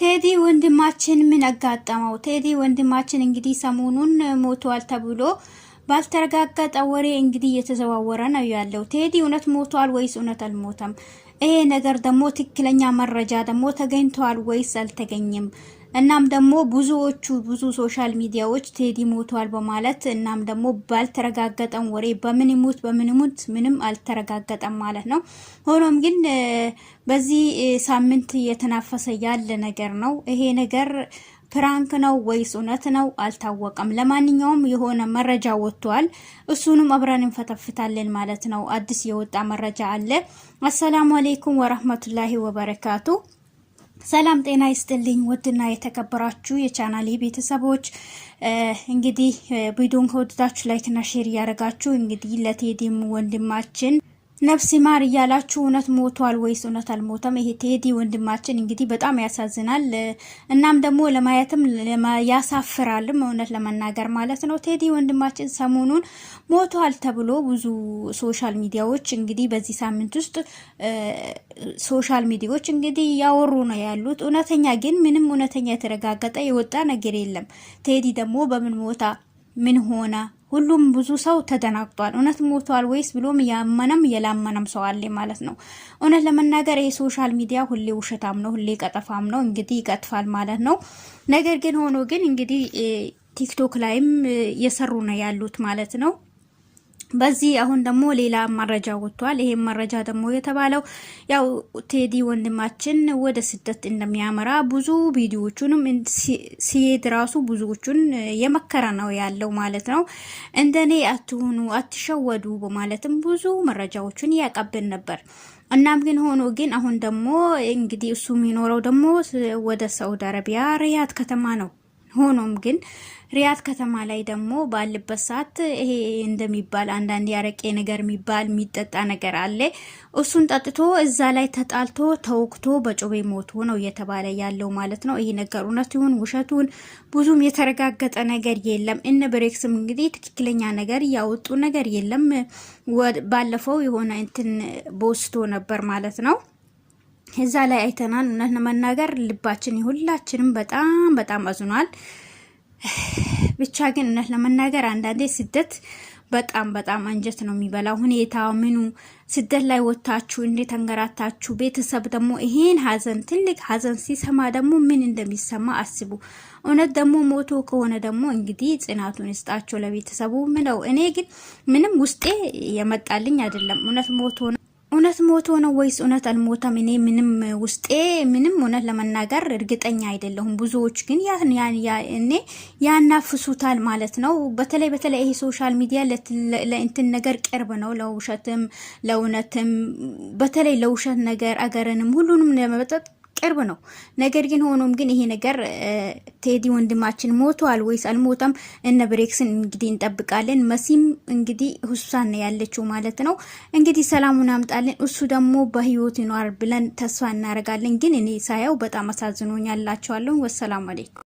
ቴዲ ወንድማችን ምን አጋጠመው? ቴዲ ወንድማችን እንግዲህ ሰሞኑን ሞቷል ተብሎ ባልተረጋገጠ ወሬ እንግዲህ እየተዘዋወረ ነው ያለው። ቴዲ እውነት ሞቷል ወይስ እውነት አልሞተም? ይሄ ነገር ደግሞ ትክክለኛ መረጃ ደግሞ ተገኝተዋል ወይስ አልተገኘም? እናም ደግሞ ብዙዎቹ ብዙ ሶሻል ሚዲያዎች ቴዲ ሞቷል በማለት እናም ደግሞ ባልተረጋገጠም ወሬ በምን ሙት በምን ሙት ምንም አልተረጋገጠም ማለት ነው። ሆኖም ግን በዚህ ሳምንት እየተናፈሰ ያለ ነገር ነው ይሄ ነገር ፕራንክ ነው ወይስ እውነት ነው አልታወቀም። ለማንኛውም የሆነ መረጃ ወጥቷል። እሱንም አብረን እንፈተፍታለን ማለት ነው። አዲስ የወጣ መረጃ አለ። አሰላሙ አሌይኩም ወረህመቱላሂ ወበረካቱ። ሰላም ጤና ይስጥልኝ። ውድና የተከበራችሁ የቻናል ቤተሰቦች እንግዲህ ቪዲዮን ከወደዳችሁ ላይክና ሼር እያደረጋችሁ እንግዲህ ለቴዲም ወንድማችን ነፍስ ማር እያላችሁ እውነት ሞቷል ወይስ እውነት አልሞተም? ይሄ ቴዲ ወንድማችን እንግዲህ በጣም ያሳዝናል። እናም ደግሞ ለማየትም ያሳፍራልም እውነት ለመናገር ማለት ነው። ቴዲ ወንድማችን ሰሞኑን ሞቷል ተብሎ ብዙ ሶሻል ሚዲያዎች እንግዲህ በዚህ ሳምንት ውስጥ ሶሻል ሚዲያዎች እንግዲህ ያወሩ ነው ያሉት። እውነተኛ ግን ምንም እውነተኛ የተረጋገጠ የወጣ ነገር የለም። ቴዲ ደግሞ በምን ሞታ ምን ሆነ ሁሉም ብዙ ሰው ተደናግጧል። እውነት ሞቷል ወይስ ብሎም ያመነም የላመነም ሰው አለ ማለት ነው። እውነት ለመናገር ይህ ሶሻል ሚዲያ ሁሌ ውሸታም ነው፣ ሁሌ ቀጠፋም ነው። እንግዲህ ይቀጥፋል ማለት ነው። ነገር ግን ሆኖ ግን እንግዲህ ቲክቶክ ላይም እየሰሩ ነው ያሉት ማለት ነው። በዚህ አሁን ደግሞ ሌላ መረጃ ወጥቷል። ይሄም መረጃ ደግሞ የተባለው ያው ቴዲ ወንድማችን ወደ ስደት እንደሚያመራ ብዙ ቪዲዮቹንም ሲሄድ ራሱ ብዙዎቹን የመከረ ነው ያለው ማለት ነው። እንደኔ አትሆኑ፣ አትሸወዱ በማለትም ብዙ መረጃዎችን ያቀብል ነበር። እናም ግን ሆኖ ግን አሁን ደግሞ እንግዲህ እሱ የሚኖረው ደግሞ ወደ ሳውዲ አረቢያ ሪያድ ከተማ ነው። ሆኖም ግን ሪያድ ከተማ ላይ ደግሞ ባለበት ሰዓት ይሄ እንደሚባል አንዳንድ ያረቄ ነገር የሚባል የሚጠጣ ነገር አለ። እሱን ጠጥቶ እዛ ላይ ተጣልቶ ተወግቶ በጩቤ ሞቶ ነው እየተባለ ያለው ማለት ነው። ይሄ ነገር እውነት ይሁን ውሸቱን ብዙም የተረጋገጠ ነገር የለም። እነ ብሬክስም እንግዲህ ትክክለኛ ነገር እያወጡ ነገር የለም። ባለፈው የሆነ እንትን ቦስቶ ነበር ማለት ነው። እዛ ላይ አይተናል። እውነት ለመናገር ልባችን የሁላችንም በጣም በጣም አዝኗል። ብቻ ግን እውነት ለመናገር አንዳንዴ ስደት በጣም በጣም አንጀት ነው የሚበላ ሁኔታ ምኑ ስደት ላይ ወታችሁ እንዴት ተንገራታችሁ። ቤተሰብ ደግሞ ይሄን ሀዘን ትልቅ ሀዘን ሲሰማ ደግሞ ምን እንደሚሰማ አስቡ። እውነት ደግሞ ሞቶ ከሆነ ደግሞ እንግዲህ ጽናቱን ይስጣቸው ለቤተሰቡ ምነው። እኔ ግን ምንም ውስጤ የመጣልኝ አይደለም እውነት ሞቶ እውነት ሞቶ ነው ወይስ እውነት አልሞተም? እኔ ምንም ውስጤ ምንም እውነት ለመናገር እርግጠኛ አይደለሁም። ብዙዎች ግን እኔ ያናፍሱታል ማለት ነው። በተለይ በተለይ ይሄ ሶሻል ሚዲያ ለእንትን ነገር ቅርብ ነው፣ ለውሸትም ለእውነትም። በተለይ ለውሸት ነገር አገርንም ሁሉንም ለመበጠጥ ቅርብ ነው። ነገር ግን ሆኖም ግን ይሄ ነገር ቴዲ ወንድማችን ሞቷል ወይስ አልሞተም? እነ ብሬክስን እንግዲህ እንጠብቃለን። መሲም እንግዲህ ሁሳን ያለችው ማለት ነው። እንግዲህ ሰላሙን አምጣልን፣ እሱ ደግሞ በህይወት ይኖር ብለን ተስፋ እናደርጋለን። ግን እኔ ሳየው በጣም አሳዝኖኛላችኋለሁ። ወሰላሙ አለይኩም